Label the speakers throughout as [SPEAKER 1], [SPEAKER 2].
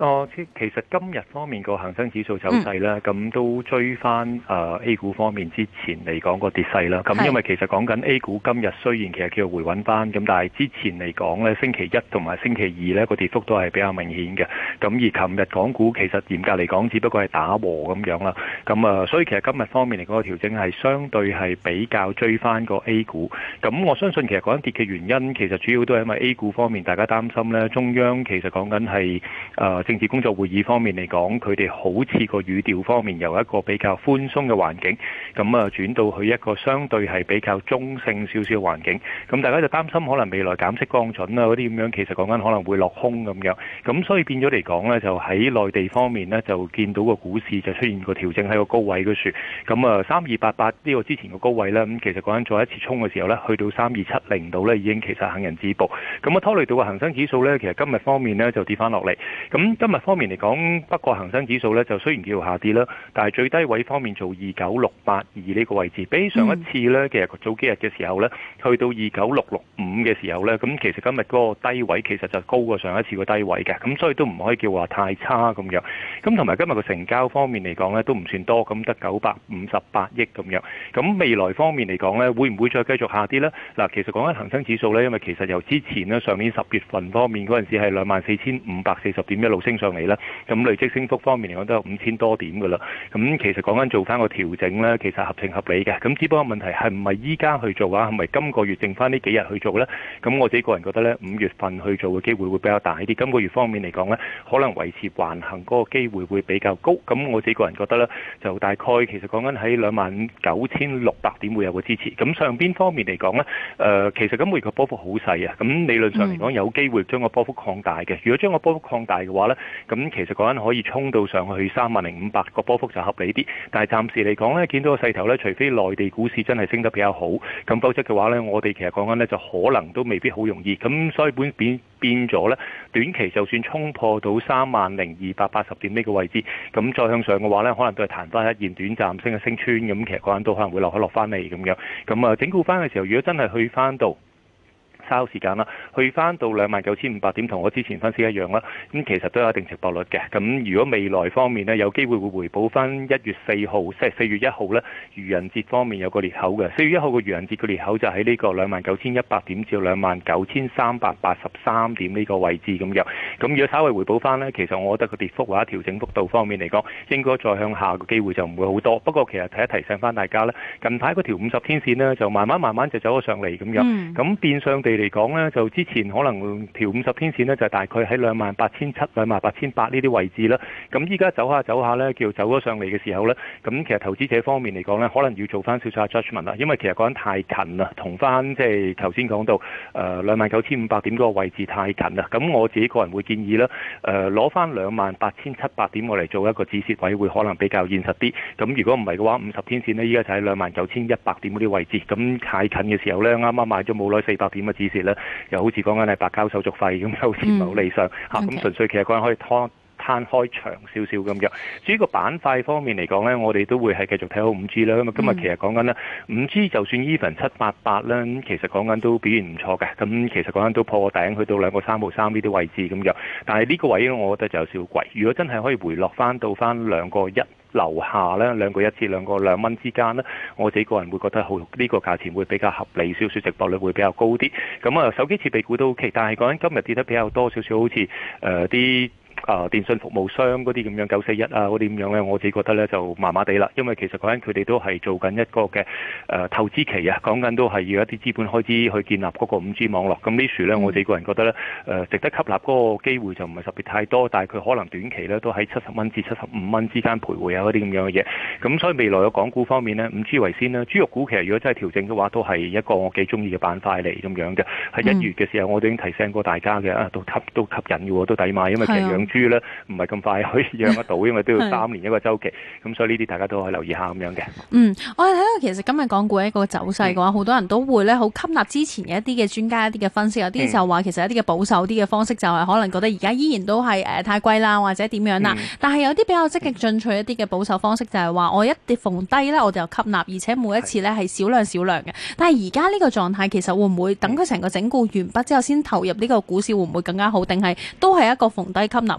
[SPEAKER 1] 哦，其實今日方面個恒生指數走勢呢，咁、嗯、都追翻 A 股方面之前嚟講個跌勢啦。咁因為其實講緊 A 股今日雖然其實叫回穩翻，咁但係之前嚟講咧，星期一同埋星期二咧個跌幅都係比較明顯嘅。咁而琴日港股其實嚴格嚟講，只不過係打和咁樣啦。咁啊，所以其實今日方面嚟講個調整係相對係比較追翻個 A 股。咁我相信其實講緊跌嘅原因，其實主要都係因為 A 股方面大家擔心咧，中央其實講緊係誒，呃政治工作會議方面嚟講，佢哋好似個語調方面由一個比較寬鬆嘅環境，咁啊轉到去一個相對係比較中性少少嘅環境。咁大家就擔心可能未來減息降準啊嗰啲咁樣，其實講緊可能會落空咁樣。咁所以變咗嚟講呢，就喺內地方面呢，就見到個股市就出現個調整喺個高位嗰處。咁啊，三二八八呢個之前個高位呢，咁其實講緊再一次衝嘅時候呢，去到三二七零度呢，已經其實行人止步。咁啊，拖累到個恒生指數呢，其實今日方面呢，就跌返落嚟。咁今日方面嚟講，不過恒生指數咧就雖然叫下跌啦，但係最低位方面做二九六八二呢個位置，比起上一次呢，嗯、其實早幾日嘅時候呢，去到二九六六五嘅時候呢，咁其實今日嗰個低位其實就高過上一次個低位嘅，咁所以都唔可以叫話太差咁樣。咁同埋今日個成交方面嚟講呢，都唔算多，咁得九百五十八億咁樣。咁未來方面嚟講呢，會唔會再繼續下跌呢？嗱，其實講緊恒生指數呢，因為其實由之前呢，上年十月份方面嗰陣時係兩萬四千五百四十點一路線，升上嚟啦，咁累積升幅方面嚟講都有五千多點㗎喇。咁其實講緊做返個調整呢，其實合情合理嘅。咁只不過問題係唔係依家去做啊？係咪今個月剩返呢幾日去做呢？咁我自己個人覺得呢，五月份去做嘅機會會比較大啲。今個月方面嚟講呢，可能維持橫行嗰個機會會比較高。咁我自己個人覺得呢，就大概其實講緊喺兩萬九千六百點會有個支持。咁上邊方面嚟講呢，誒，其實今個月個波幅好細啊。咁理論上嚟講有機會將個波幅擴大嘅。如果將個波幅擴大嘅話，咁其實講緊可以衝到上去三萬零五百個波幅就合理啲，但係暫時嚟講呢，見到個勢頭呢，除非內地股市真係升得比較好，咁否則嘅話呢，我哋其實講緊呢，就可能都未必好容易。咁所以本變變咗呢，短期就算衝破到三萬零二百八十點呢個位置，咁再向上嘅話呢，可能都係彈翻一線短暫，升啊升穿咁，其實講緊都可能會落落翻嚟咁樣。咁啊整固翻嘅時候，如果真係去翻到。收、嗯嗯、時間啦，去翻到兩萬九千五百點，同我之前分析一樣啦。咁其實都有一定直播率嘅。咁如果未來方面呢，有機會會回補翻一月四號，即係四月一號呢，愚人節方面有個裂口嘅。四月一號個愚人節個裂口就喺呢個兩萬九千一百點至兩萬九千三百八十三點呢個位置咁樣。咁如果稍微回補翻呢，其實我覺得個跌幅或者調整幅度方面嚟講，應該再向下個機會就唔會好多。不過其實提一提醒翻大家咧，近排嗰條五十天線呢，就慢慢慢慢就走咗上嚟咁樣。咁變相地。嚟講呢，就之前可能調五十天線呢，就是、大概喺兩萬八千七、兩萬八千八呢啲位置啦。咁依家走下走下呢，叫走咗上嚟嘅時候呢，咁其實投資者方面嚟講呢，可能要做翻少少 judgement 啦，因為其實講得太近啦，同翻即係頭先講到誒兩萬九千五百點嗰個位置太近啦。咁我自己個人會建議呢，誒攞翻兩萬八千七百點我嚟做一個止蝕位，會可能比較現實啲。咁如果唔係嘅話，五十天線呢，依家就喺兩萬九千一百點嗰啲位置，咁太近嘅時候呢，啱啱買咗冇耐四百點嘅止事咧，又好似講緊係白交手續費咁，有時唔係好理想咁、嗯啊、純粹其實講緊可以攤、okay. 攤開長少少咁樣。至於個板塊方面嚟講咧，我哋都會係繼續睇好五 G 啦。咁今日其實講緊啦五 G 就算 even 七八八咁其實講緊都表現唔錯嘅。咁其實講緊都破頂，去到兩個三毫三呢啲位置咁樣。但係呢個位置我覺得就有少貴。如果真係可以回落返到返兩個一。樓下咧兩個一至兩個兩蚊之間咧，我自己個人會覺得好呢、這個價錢會比較合理少少，直播率會比較高啲。咁啊手機設備股都 OK，但係講緊今日跌得比較多少少，好似誒啲。呃啊，電信服務商嗰啲咁樣九四一啊，嗰啲咁樣咧，我自己覺得咧就麻麻地啦，因為其實講緊佢哋都係做緊一個嘅誒、啊、投資期啊，講緊都係要一啲資本開支去建立嗰個五 G 網絡。咁呢時咧、嗯，我自己個人覺得咧誒值得吸納嗰個機會就唔係特別太多，但係佢可能短期咧都喺七十蚊至七十五蚊之間徘徊啊嗰啲咁樣嘅嘢。咁所以未來嘅港股方面呢，五 G 為先啦。豬肉股其實如果真係調整嘅話，都係一個我幾中意嘅板塊嚟咁樣嘅。喺一月嘅時候、嗯，我都已經提醒過大家嘅啊，都吸都吸引嘅，都抵買，因為其實養唔係咁快可以養得到，因為都要三年一個週期，咁 所以呢啲大家都可以留意下咁樣嘅。
[SPEAKER 2] 嗯，我哋睇到其實今日港股一個走勢嘅話，好、嗯、多人都會咧好吸納之前一啲嘅專家一啲嘅分析，嗯、有啲就話其實一啲嘅保守啲嘅方式就係可能覺得而家依然都係、呃、太貴啦，或者點樣啦。嗯、但係有啲比較積極進取一啲嘅保守方式就係話我一跌逢低咧我就吸納、嗯，而且每一次咧係少量少量嘅。但係而家呢個狀態其實會唔會等佢成個整固完畢之後先投入呢個股市會唔會更加好？定係都係一個逢低吸納？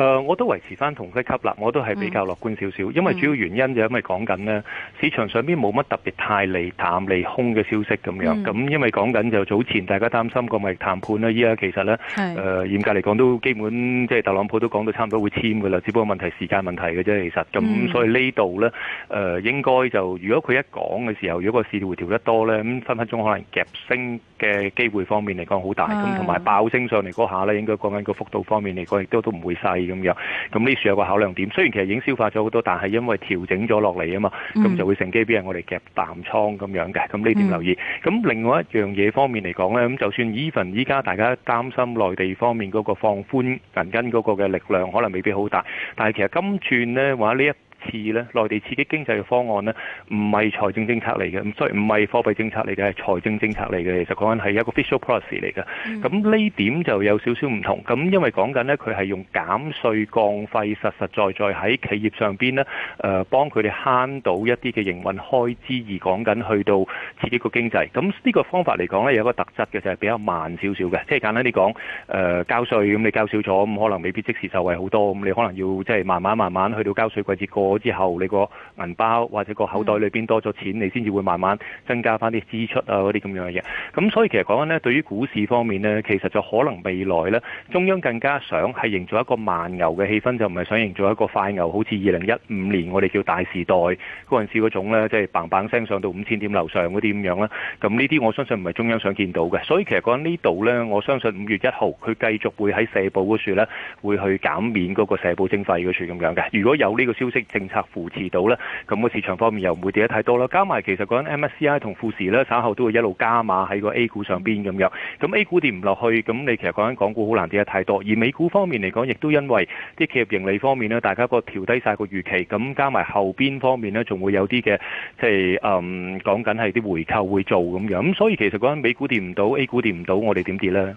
[SPEAKER 1] 誒、uh，我都維持翻同級級啦，我都係比較樂觀少少、嗯，因為主要原因就因為講緊呢市場上邊冇乜特別太利淡利空嘅消息咁樣，咁、嗯、因為講緊就早前大家擔心個貿易談判咧，依家其實呢，誒、呃、嚴格嚟講都基本即係特朗普都講到差唔多會簽嘅啦，只不過問題時間問題嘅啫，其實咁所以呢度呢，誒、嗯呃、應該就如果佢一講嘅時候，如果個市調得多呢，咁分分鐘可能夾升嘅機會方面嚟講好大，咁同埋爆升上嚟嗰下呢，應該講緊個幅度方面嚟講亦都都唔會細。咁樣，咁呢處有個考量點。雖然其實已經消化咗好多，但係因為調整咗落嚟啊嘛，咁就會乘機畀人我哋夾啖倉咁樣嘅。咁呢點留意？咁另外一樣嘢方面嚟講呢，咁就算 Even 依家大家擔心內地方面嗰個放寬銀根嗰個嘅力量可能未必好大，但係其實今轉呢話呢一次咧，內地刺激經濟嘅方案呢，唔係財政政策嚟嘅，咁所以唔係貨幣政策嚟嘅，係財政政策嚟嘅，其實講緊係一個 fiscal policy 嚟嘅。咁呢點就有少少唔同，咁因為講緊呢，佢係用減稅降費，實實在在喺企業上邊呢，誒，幫佢哋慳到一啲嘅營運開支，而講緊去到刺激個經濟。咁呢個方法嚟講呢，有個特質嘅就係比較慢少少嘅，即係簡單啲講，誒、呃、交稅，咁你交少咗，咁可能未必即時受惠好多，咁你可能要即係慢慢慢慢去到交稅季節過。之後，你個銀包或者個口袋裏邊多咗錢，你先至會慢慢增加翻啲支出啊嗰啲咁樣嘅嘢。咁所以其實講緊呢，對於股市方面呢，其實就可能未來呢，中央更加想係營造一個慢牛嘅氣氛，就唔係想營造一個快牛，好似二零一五年我哋叫大時代嗰陣時嗰種呢，即係砰砰聲上到五千點樓上嗰啲咁樣啦。咁呢啲我相信唔係中央想見到嘅。所以其實講緊呢度呢，我相信五月一號佢繼續會喺社保嗰處呢，會去減免嗰個社保徵費嗰處咁樣嘅。如果有呢個消息。政策扶持到啦，咁個市場方面又唔會跌得太多啦。加埋其實講緊 MSCI 同富時咧，稍後都會一路加碼喺個 A 股上邊咁樣。咁 A 股跌唔落去，咁你其實講緊港股好難跌得太多。而美股方面嚟講，亦都因為啲企業盈利方面呢，大家個調低晒個預期，咁加埋後邊方面呢，仲會有啲嘅即係誒講緊係啲回購會做咁樣。咁所以其實講緊美股跌唔到，啊，A 股跌唔到，我哋點跌呢？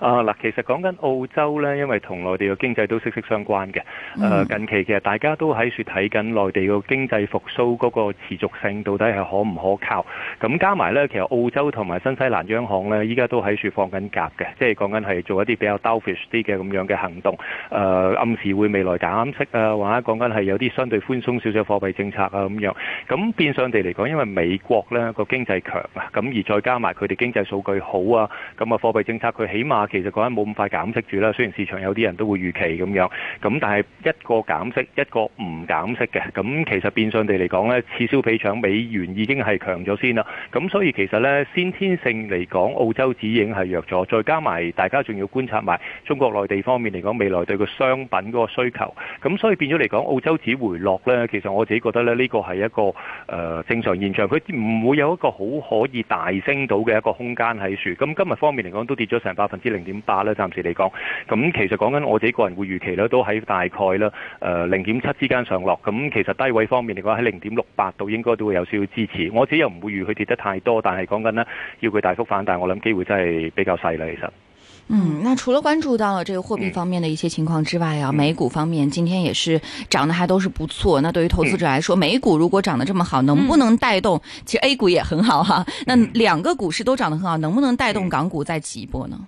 [SPEAKER 1] 啊嗱，其實講緊澳洲呢，因為同內地嘅經濟都息息相關嘅。誒、mm. 近期其實大家都喺處睇緊內地個經濟復甦嗰個持續性，到底係可唔可靠？咁加埋呢，其實澳洲同埋新西蘭央行呢，依家都喺處放緊鴿嘅，即係講緊係做一啲比較 dovish 啲嘅咁樣嘅行動。誒、呃、暗示會未來減息啊，或者講緊係有啲相對寬鬆少少貨幣政策啊咁樣。咁變相地嚟講，因為美國呢個經濟強啊，咁而再加埋佢哋經濟數據好啊，咁啊貨幣政策佢起碼，其實嗰陣冇咁快減息住啦，雖然市場有啲人都會預期咁樣，咁但係一個減息一個唔減息嘅，咁其實變相地嚟講呢，此消彼長，美元已經係強咗先啦。咁所以其實呢先天性嚟講，澳洲指已經係弱咗，再加埋大家仲要觀察埋中國內地方面嚟講未來對個商品嗰個需求，咁所以變咗嚟講，澳洲指回落呢，其實我自己覺得呢呢個係一個誒正常現象，佢唔會有一個好可以大升到嘅一個空間喺度。咁今日方面嚟講都跌咗成百分之零零點八啦，暫時嚟講，咁其實講緊我自己個人會預期呢，都喺大概呢，誒零點七之間上落。咁其實低位方面嚟講喺零點六八度應該都會有少少支持。我自己又唔會預佢跌得太多，但係講緊呢，要佢大幅反彈，我諗機會真係比較細啦。其實，嗯，
[SPEAKER 3] 那除了關注到了這個貨幣方面的一些情況之外啊，美股方面今天也是漲得還都是不錯。那對於投資者來說，美股如果漲得這麼好，能不能帶動？其實 A 股也很好哈啊。那兩個股市都漲得很好，能不能帶動港股再起一波呢？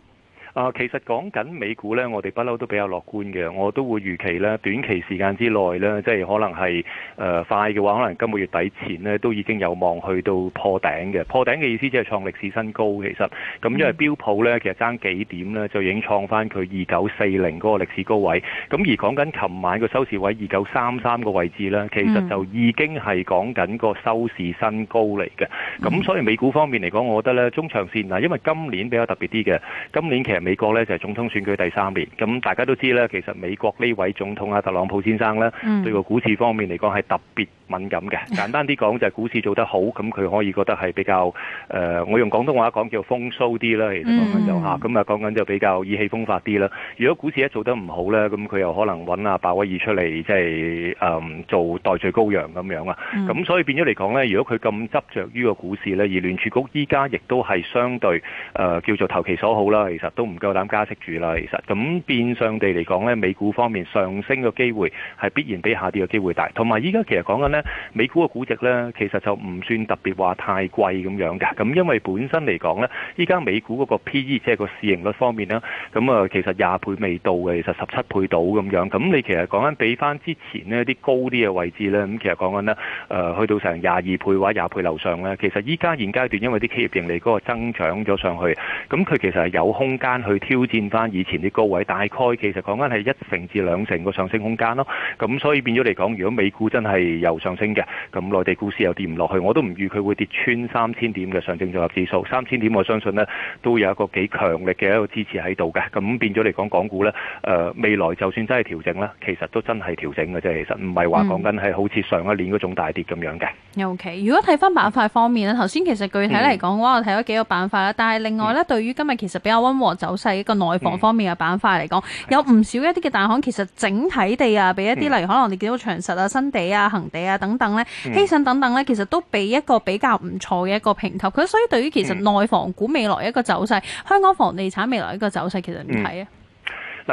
[SPEAKER 1] 啊，其實講緊美股呢，我哋不嬲都比較樂觀嘅，我都會預期呢，短期時間之內呢，即係可能係誒快嘅話，可能今個月底前呢都已經有望去到破頂嘅。破頂嘅意思即係創歷史新高。其實咁因為標普呢，其實爭幾點呢，就已經創返佢二九四零嗰個歷史高位。咁而講緊琴晚個收市位二九三三個位置呢，其實就已經係講緊個收市新高嚟嘅。咁所以美股方面嚟講，我覺得呢，中長線嗱，因為今年比較特別啲嘅，今年其實未。美國咧就係總統選舉第三年，咁大家都知咧，其實美國呢位總統啊特朗普先生咧，對個股市方面嚟講係特別。敏感嘅，簡單啲講就係股市做得好，咁 佢可以覺得係比較誒、呃，我用廣東話講叫風騷啲啦，其實講緊就嚇、是，咁、嗯、啊講緊就比較意氣風發啲啦。如果股市一做得唔好咧，咁佢又可能揾阿鮑威爾出嚟，即係誒做代罪羔羊咁樣啊。咁、嗯、所以變咗嚟講咧，如果佢咁執着於個股市咧，而聯儲局依家亦都係相對誒、呃、叫做投其所好啦，其實都唔夠膽加息住啦，其實咁變相地嚟講咧，美股方面上升嘅機會係必然比下跌嘅機會大，同埋依家其實講緊咧。美股嘅估值呢，其實就唔算特別話太貴咁樣嘅。咁因為本身嚟講呢，依家美股嗰個 P/E 即係個市盈率方面呢，咁、嗯、啊其實廿倍未到嘅，其實十七倍到咁樣。咁、嗯、你其實講緊比翻之前呢啲高啲嘅位置呢，咁其實講緊呢，誒去到成廿二倍或者廿倍樓上呢。其實依家現階段因為啲企業盈利嗰個增長咗上去，咁、嗯、佢其實係有空間去挑戰翻以前啲高位。大概其實講緊係一成至兩成個上升空間咯。咁、嗯、所以變咗嚟講，如果美股真係由上，上升嘅，咁內地股市又跌唔落去，我都唔預佢會跌穿三千點嘅上證綜合指數三千點，我相信呢都有一個幾強力嘅一個支持喺度嘅。咁變咗嚟講港股呢、呃，未來就算真係調整啦，其實都真係調整嘅啫。其實唔係話講緊係好似上一年嗰種大跌咁樣嘅。
[SPEAKER 2] OK，如果睇翻板塊方面呢，頭、嗯、先其實具體嚟講嘅話，我睇咗幾個板塊啦。但係另外呢，嗯、對於今日其實比較溫和走勢一個內房方面嘅板塊嚟講，有唔少一啲嘅大行，其實整體地啊，俾一啲例如可能你見到長實啊、新地啊、恆地啊。等等咧，希慎等等咧，其實都俾一個比較唔錯嘅一個評級。佢所以對於其實內房股未來一個走勢，香港房地產未來一個走勢其實唔睇啊？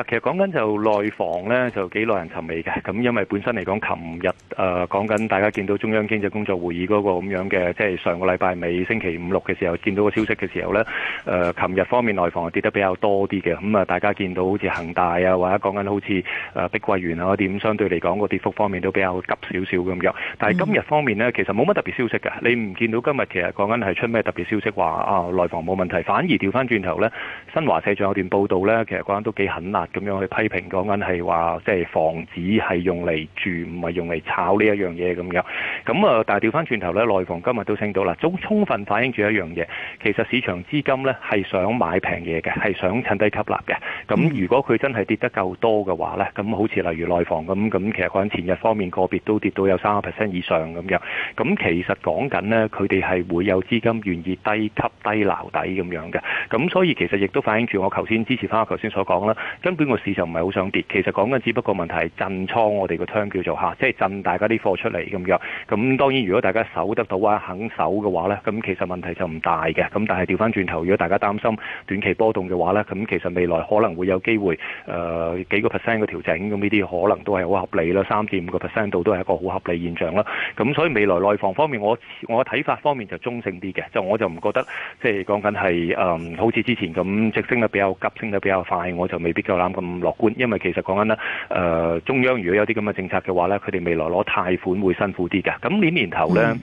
[SPEAKER 1] 其實講緊就內房咧，就幾耐人尋味嘅。咁因為本身嚟講，琴日誒講緊大家見到中央經濟工作會議嗰個咁樣嘅，即係上個禮拜尾星期五六嘅時候見到個消息嘅時候咧，誒琴日方面內房跌得比較多啲嘅。咁啊，大家見到好似恒大啊，或者講緊好似誒碧桂園啊嗰啲，咁相對嚟講個跌幅方面都比較急少少咁樣。但係今日方面呢，其實冇乜特別消息嘅。你唔見到今日其實講緊係出咩特別消息話啊內房冇問題，反而調翻轉頭咧，新華社仲有段報導咧，其實講緊都幾困難。咁樣去批評講緊係話，即係房子係用嚟住，唔係用嚟炒呢一樣嘢咁樣。咁啊，但係調翻轉頭呢，內房今日都升到啦，總充分反映住一樣嘢，其實市場資金呢，係想買平嘢嘅，係想趁低吸納嘅。咁如果佢真係跌得夠多嘅話呢，咁好似例如內房咁，咁其實講緊前日方面個別都跌到有三個 percent 以上咁樣。咁其實講緊呢，佢哋係會有資金願意低吸低撈底咁樣嘅。咁所以其實亦都反映住我頭先支持翻我頭先所講啦。邊個市場唔係好想跌？其實講緊只不過問題係震倉，我哋個窗叫做嚇，即係震大家啲貨出嚟咁樣。咁當然，如果大家守得到啊，肯守嘅話呢，咁其實問題就唔大嘅。咁但係調翻轉頭，如果大家擔心短期波動嘅話呢，咁其實未來可能會有機會誒、呃、幾個 percent 嘅調整。咁呢啲可能都係好合理啦，三至五個 percent 度都係一個好合理現象啦。咁所以未來內房方面，我我睇法方面就中性啲嘅，就我就唔覺得即係講緊係誒好似之前咁直升得比較急，升得比較快，我就未必夠咁樂觀，因為其實講緊咧，誒中央如果有啲咁嘅政策嘅話咧，佢哋未來攞貸款會辛苦啲嘅。咁呢年頭咧。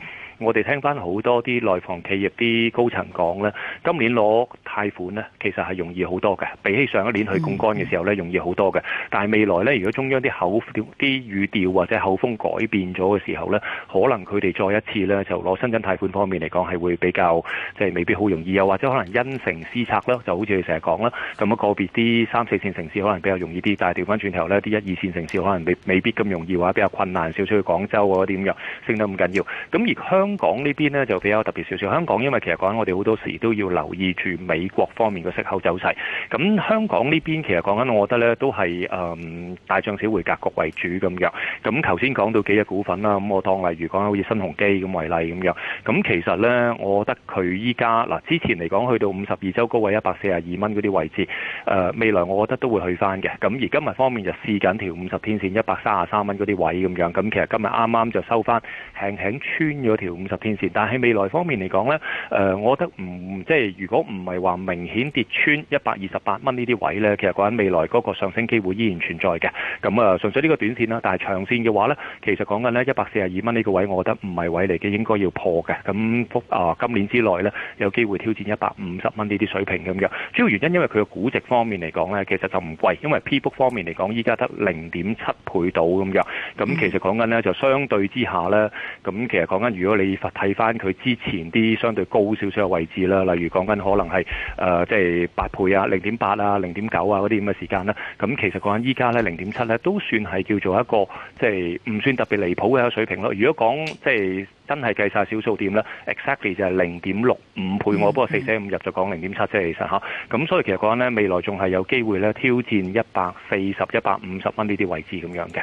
[SPEAKER 1] 我哋聽翻好多啲內房企業啲高層講呢，今年攞貸款呢其實係容易好多嘅，比起上一年去公幹嘅時候呢，容易好多嘅。但係未來呢，如果中央啲口調啲語調或者口風改變咗嘅時候呢，可能佢哋再一次呢就攞新增貸款方面嚟講係會比較即係、就是、未必好容易，又或者可能因城施策啦，就好似你成日講啦。咁啊個別啲三四線城市可能比較容易啲，但係調翻轉頭呢，啲一二線城市可能未未必咁容易，或者比較困難少少，譬如廣州嗰啲咁樣升得咁緊要。咁而香港香港呢邊呢就比較特別少少。香港因為其實講緊我哋好多時都要留意住美國方面嘅息口走勢。咁香港呢邊其實講緊，我覺得呢都係、嗯、大漲小回格局為主咁樣。咁頭先講到幾隻股份啦，咁我當例如講好似新鴻基咁為例咁樣。咁其實呢，我覺得佢依家嗱之前嚟講去到五十二周高位一百四十二蚊嗰啲位置、呃，未來我覺得都會去翻嘅。咁而今日方面就試緊條五十天線一百三十三蚊嗰啲位咁樣。咁其實今日啱啱就收翻輕輕穿咗條。五十天線，但喺未來方面嚟講呢，誒、呃，我覺得唔即係如果唔係話明顯跌穿一百二十八蚊呢啲位呢，其實講緊未來嗰個上升機會依然存在嘅。咁、嗯、啊，純粹呢個短線啦，但係長線嘅話呢，其實講緊呢一百四十二蚊呢個位，我覺得唔係位嚟嘅，應該要破嘅。咁、嗯、啊，今年之內呢，有機會挑戰一百五十蚊呢啲水平咁樣。主要原因因為佢嘅估值方面嚟講呢，其實就唔貴，因為 P 股方面嚟講，依家得零點七倍到咁樣。咁其實講緊呢，就相對之下呢。咁其實講緊如果你你睇翻佢之前啲相對高少少嘅位置啦，例如講緊可能係誒即係八倍啊、零點八啊、零點九啊嗰啲咁嘅時間啦。咁其實講緊依家呢零點七呢，都算係叫做一個即係唔算特別離譜嘅一個水平咯。如果講即係真係計晒小數點咧，exactly 就係零點六五倍、mm -hmm. 我，不過四捨五入就講零點七啫。其實吓，咁所以其實講緊呢未來仲係有機會呢挑戰一百四十一百五十蚊呢啲位置咁樣嘅。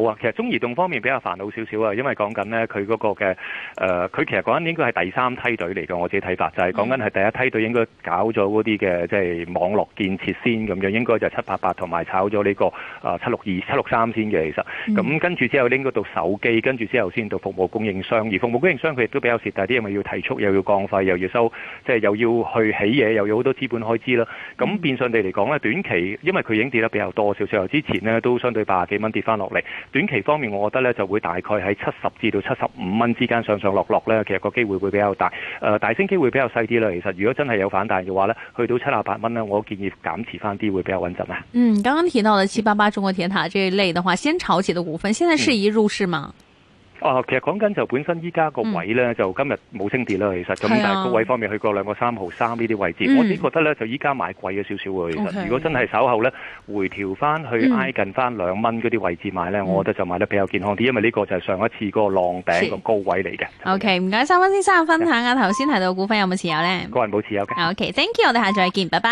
[SPEAKER 1] 好啊，其實中移動方面比較煩惱少少啊，因為講緊呢，佢嗰個嘅誒，佢、呃、其實講緊應該係第三梯隊嚟嘅，我自己睇法就係講緊係第一梯隊應該搞咗嗰啲嘅即係網絡建設先咁樣，應該就係七八八同埋炒咗呢個啊七六二七六三先嘅，其實咁跟住之後拎到到手機，跟住之後先到服務供應商，而服務供應商佢亦都比較蝕，但啲因為要提速又要降費又要收，即係又要去起嘢，又要好多資本開支啦。咁變相地嚟講呢，短期因為佢已經跌得比較多少少，由之前呢都相對八十幾蚊跌翻落嚟。短期方面，我覺得咧就會大概喺七十至到七十五蚊之間上上落落咧，其實個機會會比較大。誒、呃，大升機會比較細啲啦。其實如果真係有反彈嘅話咧，去到七十八蚊咧，我建議減持翻啲會比較穩陣啦。
[SPEAKER 2] 嗯，剛剛提到的七八八中國鐵塔這一類的話，先炒起的股份，現在是已入市嗎、嗯
[SPEAKER 1] 哦、啊，其實講緊就本身依家個位咧、嗯，就今日冇升跌啦，其實咁、嗯、但係高位方面去過兩個三毫三呢啲位置，嗯、我自己覺得咧就依家買貴咗少少。其實如果真係稍後咧回調翻去挨近翻兩蚊嗰啲位置買咧、嗯，我覺得就買得比較健康啲，因為呢個就係上一次嗰個浪頂個高位嚟嘅。O
[SPEAKER 2] K，唔該，三、okay, 分先生分享下、yeah. 啊，頭先提到股份有冇持有咧？個人冇持有嘅。O、okay. K，thank、okay, you，我哋下次見，拜拜。